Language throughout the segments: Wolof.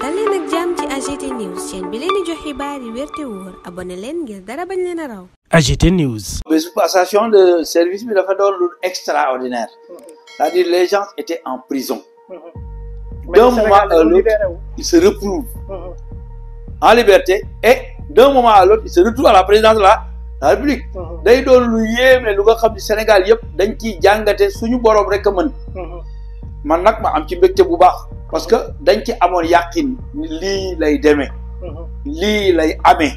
dal leen ak jàmm ci AGT News chaîne bi leen di jox xibaar yi wér te wóor leen ngir dara bañ leen a raw. AGT News. bésu passation de service bi dafa doon lu extraordinaire cest dire les gens en prison. d'un moment à l'autre ils se retrouvent mm-hmm. en liberté et d'un moment à l'autre ils se retrouvent à la présidence de la république. Mm-hmm. day doon lu yéeme lu nga xam ne Sénégal yëpp dañ ciy jàngate suñu borom rek a mën. Mm-hmm. man nag ma am ci mbégte bu baax. parce que dañ ci amoon yàqin ni lii lay demee lii lay amee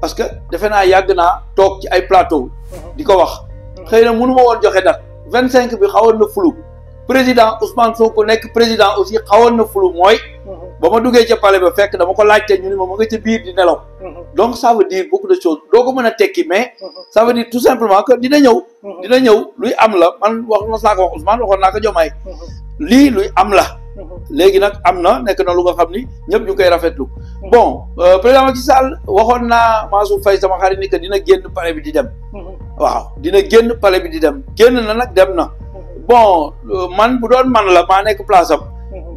parce que defe naa yàgg naa toog ci ay plateau di ko wax xëy na mënu ma woon joxe date vingt cinq bi xawoon na flou président Ousmane Sonko nekk président aussi xawoon na flou mooy ba ma duggee ca palais ba fekk dama ko laajte ñu ni moom ma nga ca biir di nelaw donc ça veut dire beaucoup de choses doo ko mën a tekki mais ça veut dire tout simplement que dina ñëw dina ñëw luy am la man wax na saa wax Ousmane waxoon naa ko lii luy am la léegi nag am na nekk na lu nga xam ni ñëpp ñu koy rafetlu bon euh, président Macky Sall waxoon naa Mansour fay sama xarit ni que dina génn palais bi di dem waaw dina génn pale bi di dem génn na nag dem na bon euh, man bu doon man la maa nekk place am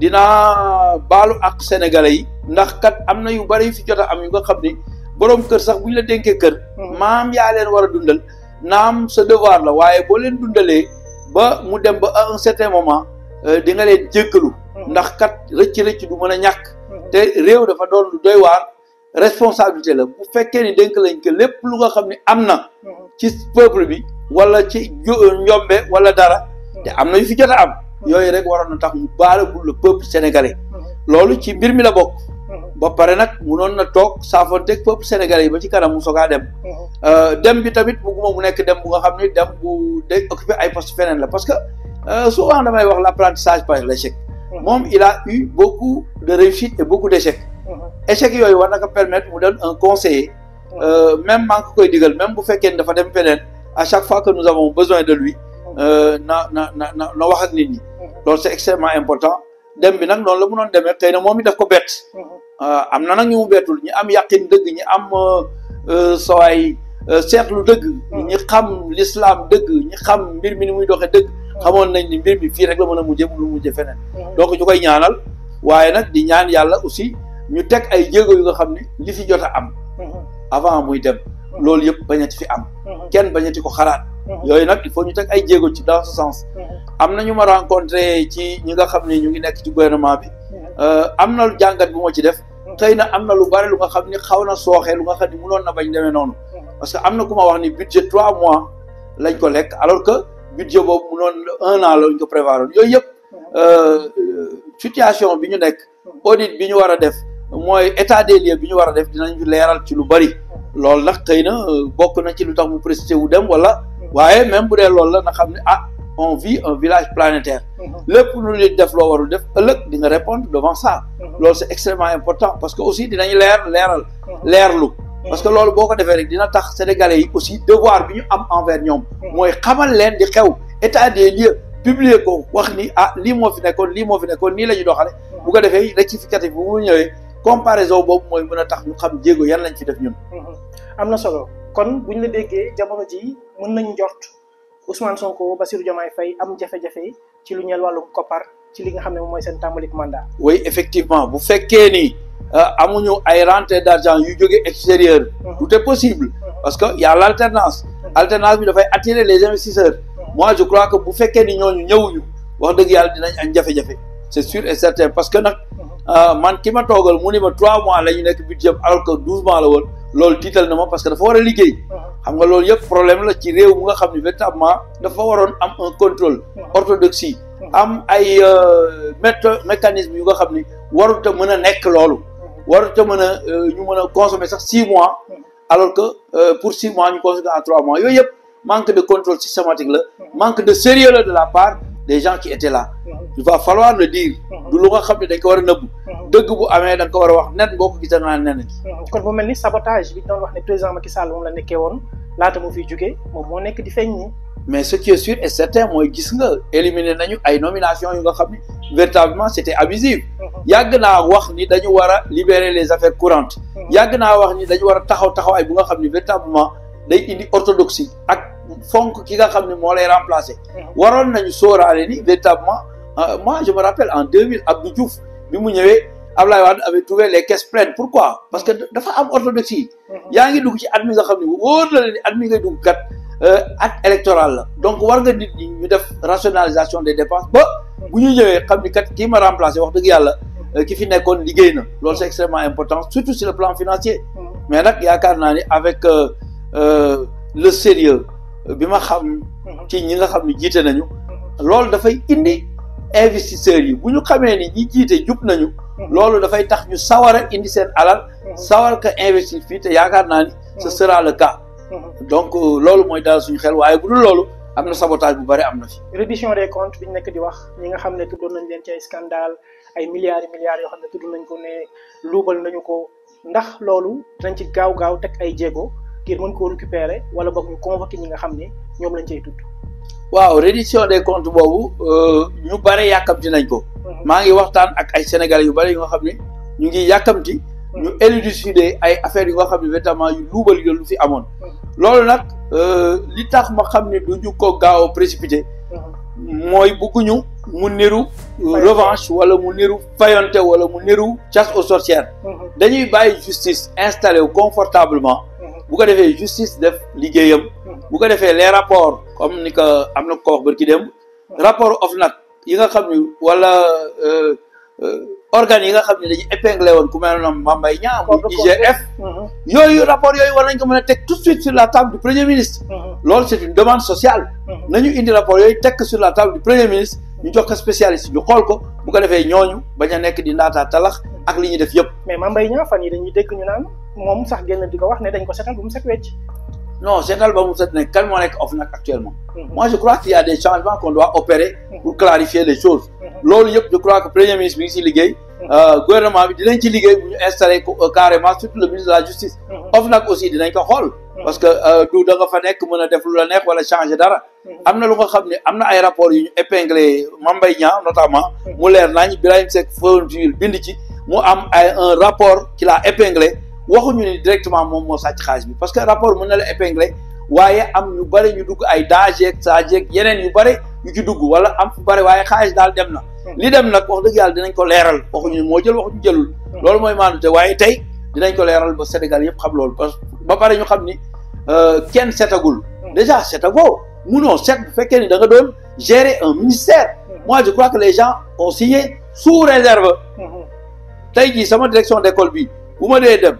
dinaa baalu ak sénégalais yi ndax kat am na yu bari yu fi jot am yu nga xam ni boroom kër sax bu ñu la dénkee kër maam yaa leen war a dundal naam sa devoir la waaye boo leen dundalee ba mu dem ba à un certain moment euh, di nga leen jéggalu ndax kat rëcc rëcc du mën a ñàkk te réew dafa doon lu doy waar responsabilité la bu fekkee ni dénk lañ ko lépp lu nga xam ne am na ci peuple bi wala ci euh, njombe wala dara te am na yu fi jot a am yooyu rek waroon na tax mu baale bul le peuple sénégalais loolu ci mbir mi la bokk ba pare nag munoon na toog saafonteeg peuple sénégalais yi ba ci kanam mu sogaa dem euh, dem bi tamit bugguma mu nekk dem bu nga xam ne dem bu day occupé ay poste feneen la parce que euh, souvent damay wax l'apprentissage par l'échec moom il a eu beaucoup de réussites et beaucoup yooyu war na ko permettre mu dem un conseiller euh, même maa ngi ko koy digal même bu fekkee ne dafa dem feneen à chaque fois que nous avons besoin de lui euh, na na na na na wax ak nit ñi loolu c'est extrêmement important dem bi nag noonu la mënoon demee xëy na moom it daf ko bett euh, am na nag ñu mu bettul ñi am yàqin dëgg ñi am sawaay seetlu dëgg ñi xam l'islam dëgg ñi xam mbir mi ni muy doxee dëgg xamoon nañ ni mbir mi fii rek la mën a mujjee lu mujjee feneen. donc ñu koy ñaanal waaye nag di ñaan yàlla aussi ñu teg ay jéego yu nga xam ni li fi jot am. Mm-hmm. avant muy dem. Mm-hmm. loolu yëpp bañati fi am. Mm-hmm. kenn bañati ko xalaat. yooyu nag il faut ñu teg ay jéego ci dans ce sens. am na ñu ma rencontré ci ñi nga xam ni ñu ngi nekk ci gouvernement bi. Euh, am na jàngat bu moo ci def. xëy na am na lu bari lu nga xam ni xaw na sooxee lu nga xam ni mënoon na bañ demee noonu. parce que am na ku ma wax ni budget trois mois lañ ko lekk alors que. budget boobu mu noon un an la ñu prévoir yooyu yëpp euh, euh, situation bi ñu nekk audit bi ñu war a def mooy état des lieux bi ñu war a def dinañu leeral ci lu bari loolu na xëy na euh, bokk na ci lu tax mu précité wu dem wala waaye même bu dee loolu la nga xam ne ah on vit un village planétaire lépp lu nit def loo warul def ëllëg di nga répondre devant ça mmh. loolu c'est extrêmement important parce que aussi dinañ leer leeral leerlu parce que loolu boo ko defee rek dina tax sénégalais yi aussi devoir bi ñu am envers ñoom. Mm. mooy xamal leen di xew état des lieux publier ko wax ni ah lii moo fi nekkoon lii moo fi nekkoon nii la ñu doxale mm. bu ko defee rectificatif bu mu ñëwee comparaison boobu mooy mën a tax ñu xam jéego yan lañ ci def ñun. Mm-hmm. am na solo kon ñu la déggee jamono ji mën nañ njort Ousmane Sonko Bassirou Diomaye fay am jafe-jafe ci lu ñeel wàllu koppar ci li nga xam ne moom mooy seen tàmbalik mandat. oui effectivement bu fekkee ni. Euh, amuñu ay rentrée d'argent yu jóge extérieur mmh. tout est possible mmh. parce que y a l'alternance mmh. alternance bi dafay attirer les investisseurs mois je crois que bu fekkee ni ñooñu ñëwuñu wax dëgg yàlla dinañ am jafe-jafe c'est sûr et certain parce que nag euh, man ki ma toogal mu ni ma trois mois la ñu nekk budget alors que douze mois la woon lool tiital na ma parce que dafa war a liggéey xam nga loolu yëpp problème la ci réew mu nga xam ne véritablement dafa waroon am un contrôle orthodoxie am ay euh, mécanisme yu nga xam ni warut a mën a nekk loolu war a mën a euh, ñu mën a consommer sax six mois alors que euh, pour six mois ñu consommer en trois mois yooyu yëpp manque de contrôle systématique la manque de sérieux la de la part des gens qui étaient là il va falloir le dire du lu nga xam ne dañ war a nëbb dëgg bu amee da ko war a wax nen boo ko gisee naa nen kon bu mel ni sabotage bi doon wax ne président Macky Sall moom la nekkee woon laata mu fiy jógee moom moo nekk di feeñ nii mais ce qui est sûr et gis nga éliminer nañu ay nomination yu nga xam ne véritablement c'était abusive mm-hmm. yàgg naa wax ni dañu war a libérer les affaires courantes mm-hmm. yàgg naa wax ni dañu war a taxaw taxawaay bu nga xam ni véritablement day indi orthodoxie ak fonk ki nga xam ne moo lay remplacer mm-hmm. waroon nañu sóoraale ni véritablement euh, moi je me rappelle en 2000 Abdou Diouf bi mu ñëwee Ablaye Wade avait trouvé les caisses pleines pourquoi parce que dafa am orthodoxie yaa ngi dugg ci at mi nga xam ne wóor na la ni at mi ngay dugg kat euh, la donc war nga nit ñi ñu def rationalisation des dépenses ba bu ñu ñëwee xam ni kat kii ma remplacé wax dëgg yàlla euh, ki fi nekkoon liggéey na loolu c'est extrêmement important surtout sur le plan financier mm. mais nag yaakaar naa ni avec euh, euh, le sérieux bi ma xam mm-hmm. ci ñi nga xam ni jiite nañu mm-hmm. loolu dafay indi investisseurs yi bu ñu xamee ni ñi jiite jub nañu mm-hmm. loolu dafay tax ñu sawar a indi seen alal sawar ka investir fii te yaakaar naa ni ce sera le cas donc loolu mooy daal suñu xel waaye bu dul loolu am na sabotage bu bëri am na fi. reddition des comptes bi ñu nekk di wax ñi nga xam ne tuddoon nañ leen ci ay scandale ay milliards et milliards yoo xam ne tudd nañ ko ne luubal nañu ko ndax loolu dañ ci gaaw gaaw teg ay jéego ngir mën koo récupérer wala boog ñu convoqué ñi nga xam ne ñoom lañ cay tudd. waaw reddition des comptes boobu euh, ñu bare yàkkamti nañ ko. Mhm. maa ngi waxtaan ak ay sénégalais yu bëri yu nga xam ne ñu ngi yàkkamti. ñu mhm. élucider ay affaires yu nga xam ne notamment yu luubal yu lu fi amoon. Mhm. loolu nag. Euh, li tax ma xam ne duñu ko gaaw a précipité mooy bëgguñu mu niru revanche wala mu néru fayante wala mu niru chasse aux sorcières mhm. dañuy bàyyi justice installé wu confortablement mhm. bu ko defee justice def liggéeyam mhm. bu ko defee rapport rapports comme ni ko am na ko wax bërki dem rapport OFNAC yi nga xam ni wala euh, euh, organes yi nga xam ne dañu épinglé woon ku mel noonu Mame Mbaye Niang muy mm-hmm. yooyu rapport yooyu war nañ ko mën a teg tout de suite sur la table du premier ministre mm-hmm. loolu c'est une demande sociale mm-hmm. nañu indi rapport yooyu teg sur la table du premier ministre ñu jox ko spécialiste ñu xool ko bu ko defee ñooñu bañ a nekk di ndaataa talax ak li ñuy def yëpp mais Mame Mbaye Niang fan yi dañuy dégg ñu naan moom sax génn di ko wax ne dañ ko setal bu mu set wecc non seetal ba mu set ne kan moo nekk OFNAC actuellement. Mm-hmm. moi je crois qu'il y a des changements qu'on opérer. Mm-hmm. pour clarifier les choses. Mm-hmm. loolu yëpp je crois que premier ministre mi ngi si liggéey. Euh, gouvernement bi dinañ ci liggéey bu ñu euh, surtout le ministre de la justice. OFNAC aussi dinañ ko xool. parce que euh, du da nga fa nekk mën a la neex wala changer dara. am na lu nga xam ne am na ay rapport yu ñu épinglé Mame Mbaye Niang notamment mu leer bind ci mu am ay un rapport qu'il a ñu ne directement moom moo sàcc xaaj bi parce que rapport mën na la épingler waaye am ñu bëri ñu dugg ay dajeeg saajeeg yeneen yu bëri ñu ci dugg wala am fu bëri waaye xaalis daal dem na hmm. li dem na wax dëgg yàlla dinañ ko leeral waxuñu moo jël waxuñu jëlul hmm. loolu mooy maanute waaye tey dinañ ko leeral ba Sénégal yëpp xam loolu parce ba pare ñu xam ni euh, kenn setagul hmm. déjà setagoo munoo set bu fekkee ni da nga doon gérer un ministère mois je crois que les gens ont signé sous réserve tey jii sama direction d'école bi bu ma dee dem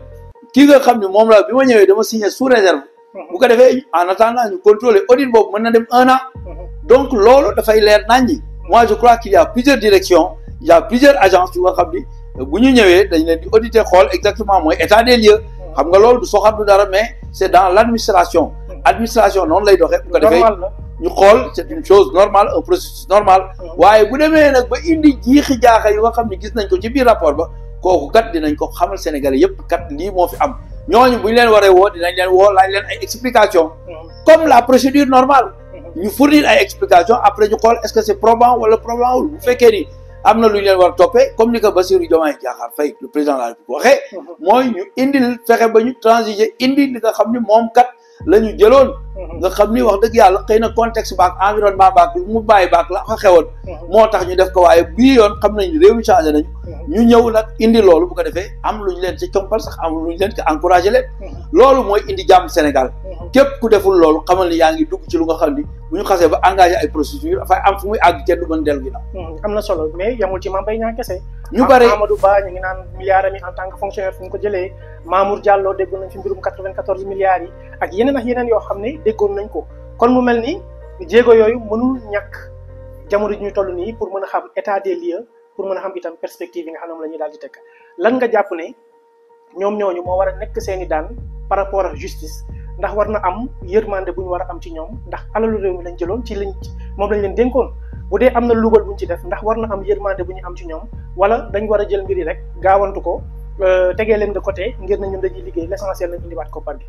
kii nga xam ne moom la bi ma ñëwee dama signé sous réserve. Mhm. bu ko defee en attendant ñu contrôler audit boobu mën na dem un an. Mhm. donc loolu dafay leer naññi. moi je crois qu'il y plusieurs directions il y a plusieurs agences yu xam ni euh, bu ñu ñëwee dañ leen di auditer xool exactement mooy état des lieux. Mhm. xam nga loolu du soxal du dara mais c' est dans l' administration. administration noonu lay doxee. bu ko defee ñu xool c' est une chose normale un processus normal. waaye bu demee nag ba indi jiixi jaaxa yu xam ni gis nañ ko ci biir rapport ba. kooku kat dinañ ko xamal Sénégalais yëpp kat lii moo fi am ñooñu bu ñu leen waree woo dinañ leen woo laaj leen explication mm-hmm. comme la procédure normale mm-hmm. ñu fournir ay explication après ñu xool est-ce que c'est probant wala probant wul bu fekkee ni am na lu ñu leen war toppee comme ni ko Bassirou Diomaye Diakhar le président la République waxee mm-hmm. mooy ñu indil fexe ba ñu transiger indi li xam ni moom kat la ñu jëloon mhm. nga xam ni wax dëgg yàlla xëy na contexte baak environnement baak lu mu bàyyi baak la fa xewoon mhm. moo tax ñu def ko waaye bii yoon xam nañ réew mi changé nañu mhm. ñu ñëw nag indi loolu bu ko defee am lu ñu leen ci compal sax am lu ñu leen ci encouragé leen loolu mooy indi jàmm Sénégal képp ku deful lool xamal ni yaa ngi dugg ci lu nga xam ni bu ñu xasee ba engagé ay procédure dafay am fu muy àgg kenn du mën dellu ginnaaw. Hmm, am na solo mais yamul ci Mame Mbaye Niang ñu Ba ñu ngi naan mu ko jëlee Mamour Diallo déggoon nañ fi mbirum 94 milliards yi ak yeneen ak yeneen yoo xam ne déggoon nañ ko kon mu mel ni jéego yooyu mënul ñàkk jamono ji ñu toll nii pour mën a xam état des lieux pour mën a xam itam perspective yi nga xam ne moom ñuy daal di tekk lan nga jàpp ne ñoom ñooñu moo war a nekk seen i daan par rapport a justice ndax war na am yërmande bu ñu war a am ci ñoom ndax alalu réew mi lañ jëloon ci liñ moom lañ leen dénkoon bu dee am na lugal bu ñu ci def ndax war na am yërmande bu ñu am ci ñoom wala dañ war a jël mbir yi rek gaawantu ko euh, tegee leen de côté ngir na ñun dañuy liggéey l'essentiel lañ indiwaat koppar gi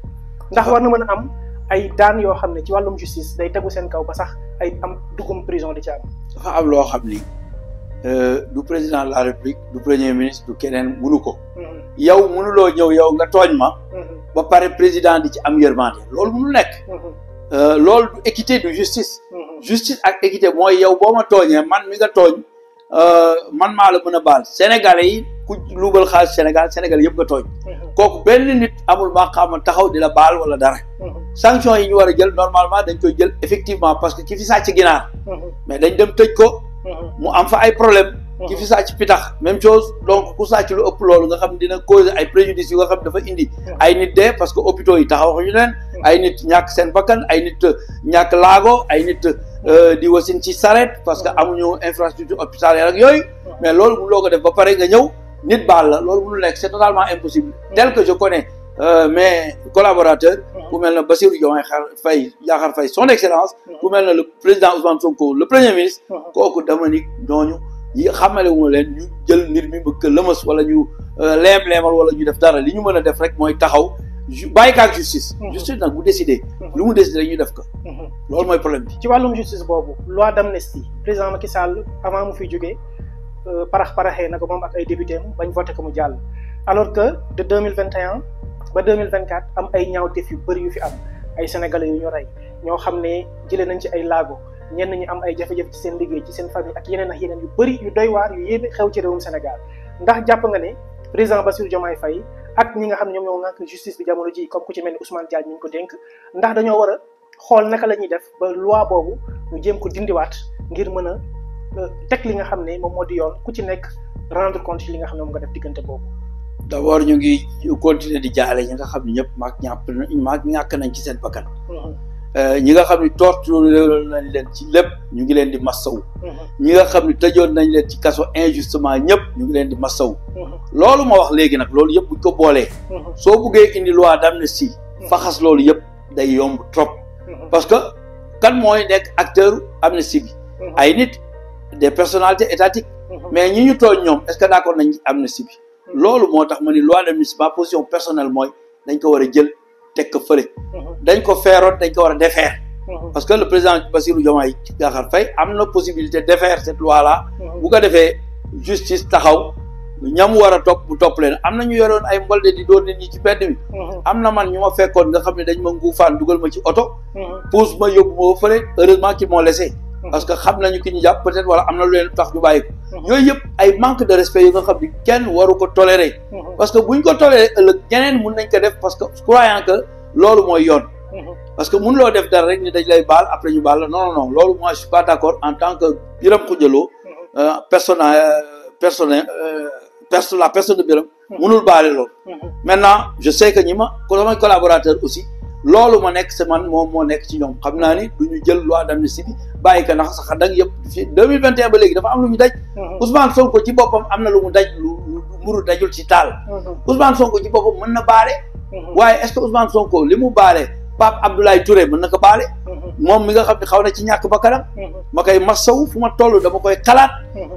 ndax war na mën a am ay daan yoo xam ne ci wàllum justice day tegu seen kaw ba sax ay am dugum prison di ci am. dafa am loo xam ni euh, du président la république du premier ministre du keneen mënu ko. Mm-hmm. yow mënuloo ñëw yow nga tooñ ma. Mm-hmm. ba pare président di ci am yërmande loolu mu nekk mhm. euh, lool du équité du justice mhm. justice ak équité mooy yow boo ma tooñee man mi nga tooñ euh, man maa la mën a baal sénégalais yi ku luubal xaalis sénégal sénégalais yëpp nga tooñ mhm. kooku benn nit amul maa xam ma taxaw di la baal wala dara sanction yi ñu war jël normalement dañ koy jël effectivement parce que ki fi sàcc ginaar mais dañ dem tëj ko mu am fa ay problème ki fi sàcc pitax même chose donc ku sàcc lu ëpp loolu nga xam dina causer ay préjudice yu nga xam dafa indi ay nit dee parce que hôpitaux yi taxaw waxuñu leen ay nit ñàkk seen bakkan ay nit euh, ñàkk laago ay nit euh, di wasin ci saret parce que amuñu infrastructure hospitalière ak yooyu mais loolu bu loo ko def ba pare nga ñëw nit baal la loolu mënul nekk c'est totalement impossible tel que je connais euh, mes collaborateurs ku mel na Bassirou Diomaye Xaar Faye Diakhar Faye son excellence ku mel na président Ousmane Sonko le premier ministre kooku dama ni ñooñu yi xamale leen ñu jël mbir mi bëgg lëmas wala ñu euh, leem-leemal wala ñu def dara li ñu mën a def rek mooy taxaw bàyyi kaak justice mhm. justice nag bu décidé mhm. lu mu décidé ñu def ko mhm. loolu mooy problème bi ci wàllum justice boobu loi d'amnistie président Macky Sall avant mu fi jógee euh, parax paraxee na ko moom ak ay député am bañ voté ko mu jàll alors que de deux mille vingt et un ba deux mille vingt quatre am ay ñaaw tef yu bëri yu fi am ay sénégalais yu ñu rey ñoo xam ne jëlee nañ ci ay laago ñenn ñi am ay jafe-jafe ci seen liggéey ci seen famille ak yeneen ak yeneen yu bëri yu doy waar yu yéeme xew ci réewum Sénégal ndax jàpp nga ne président Bassirou Diomaye Faye ak ñi nga xam ne ñoom ñoo ngànk justice bi jamono ji comme ku ci mel ni Ousmane Diagne mi ñu ko dénk ndax dañoo war a xool naka la ñuy def ba loi boobu ñu jéem ko dindiwaat ngir mën a euh, teg li nga xam ne moom moo di yoon ku ci nekk rendre compte ci li nga xam ne moom nga def diggante boobu d' abord ñu ngi continuer di jaale ñi nga xam ne ñëpp maag ñàpp maag ñàkk nañ ci seen bakkan mm-hmm. Euh, ñi nga xam ni torture nañ leen ci lépp ñu ngi leen di massawu mm-hmm. ñi nga xam ni tëjoon nañ leen ci kaso injustement ñëpp ñu ngi leen di massawu mm-hmm. loolu ma wax léegi nag loolu yëpp buñ ko boolee mm-hmm. soo buggee indi loi d'amnistie faxas loolu yëpp day yomb trop parce que kan mooy nekk acteur amnistie bi ay nit des personnalités étatiques mais ñi ñu tooñ ñoom est-ce que d'accord nañ amnistie bi loolu moo tax ma ni loi d'amnistie ma position personnelle mooy dañ ko wa a jël teg ko fële. Uh-huh. dañ ko feeroon dañ ko war a défaire. Uh-huh. parce que le président Bassirou Diomaye Diakhar Faye am na possibilité défaire cette loi là. Uh-huh. bu ko defee justice taxaw. ñam war a topp bu topp leen am na ñu yoroon ay mbolde di doon nit ñi ci mbedd mi. am na man ñu ma fekkoon nga xam ne dañ ma nguufaan dugal ma ci oto. pousse ma yóbbu ma fële heureusement qu'ils m'ont laissé. parce que xam nañu ki ñu jàpp peut-être wala am na lu leen tax ñu bàyyi Mhm. yooyu yëpp ay manque de respect yu nga xam ni kenn waru ko tolérer. Mhm. parce que buñ ko tolérer ëllëg ñeneen mun nañ ko def parce que croyant que loolu mooy yoon. Mhm. parce que mun def dara rek ni dañ lay baal après ñu baal la non non non loolu moi pas d'accord en tant que Birame Khoudia Lo. Euh, persona euh, personnel euh, perso la personne de munul baale loolu. maintenant je sais que ñi ma collaborateur aussi. loolu ma nekk si man moom moo nekk ci ñoom xam naa ni du ñu jël loi d'amnistie bi bàyyi ko ndax sax dang yëpp fii 2021 ba léegi dafa am lu ñu daj. Mm-hmm. Ousmane Sonko ci boppam am na lu mu daj lu mburu ci taal. Mm-hmm. Ousmane Sonko ci boppam mën na baale. Mm-hmm. waaye est-ce que Ousmane Sonko li mu baale Pape Abdoulaye Touré mën na ko baale. moom mi nga xam ne xaw na ci ñàkk bakkanam ma koy masaw fu ma toll dama koy xalaat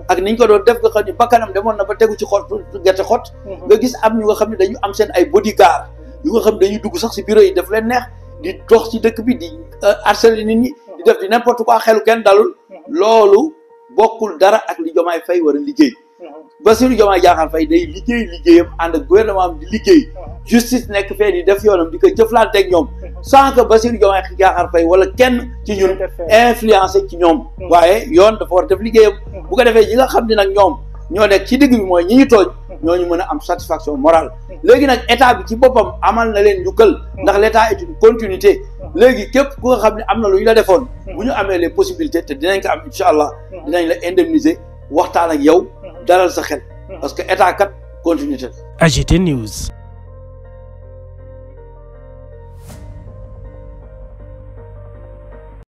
ak ni ñu ko doon def nga xam ne bakkanam demoon na ba tegu ci xot gerte xot nga gis am ñu nga xam ne dañu am seen ay bodyguard yu nga xam dañuy dugg sax si bureau yi daf leen neex di dox ci dëkk bi di euh, harceler nit ñi di def di ko quoi xelu kenn dalul loolu bokkul dara ak li Diomaye fay war a liggéey Bassirou Diomaye Diakhar Faye day liggéey liggéeyam ànd ak gouvernement am di liggéey justice nekk fee di def yoonam di ko jëflante ak ñoom sans que Bassirou Diomaye Diakhar Faye wala kenn ci ñun influencé ci ñoom waaye yoon dafa war a def liggéeyam bu ko defee ñi nga xam ne nag ñoom ñoo nekk ci digg bi mooy ñi ñu tooñ ñooñu mën a am satisfaction morale léegi nag état bi ci boppam amal na leen njukkal ndax l' état continuité léegi képp ku xam ne am na lu ñu la defoon bu ñu amee les possibilités te dinañ ko am incha allah dinañ la indemniser waxtaan ak yow dalal sa xel parce que état kat continuité AGT News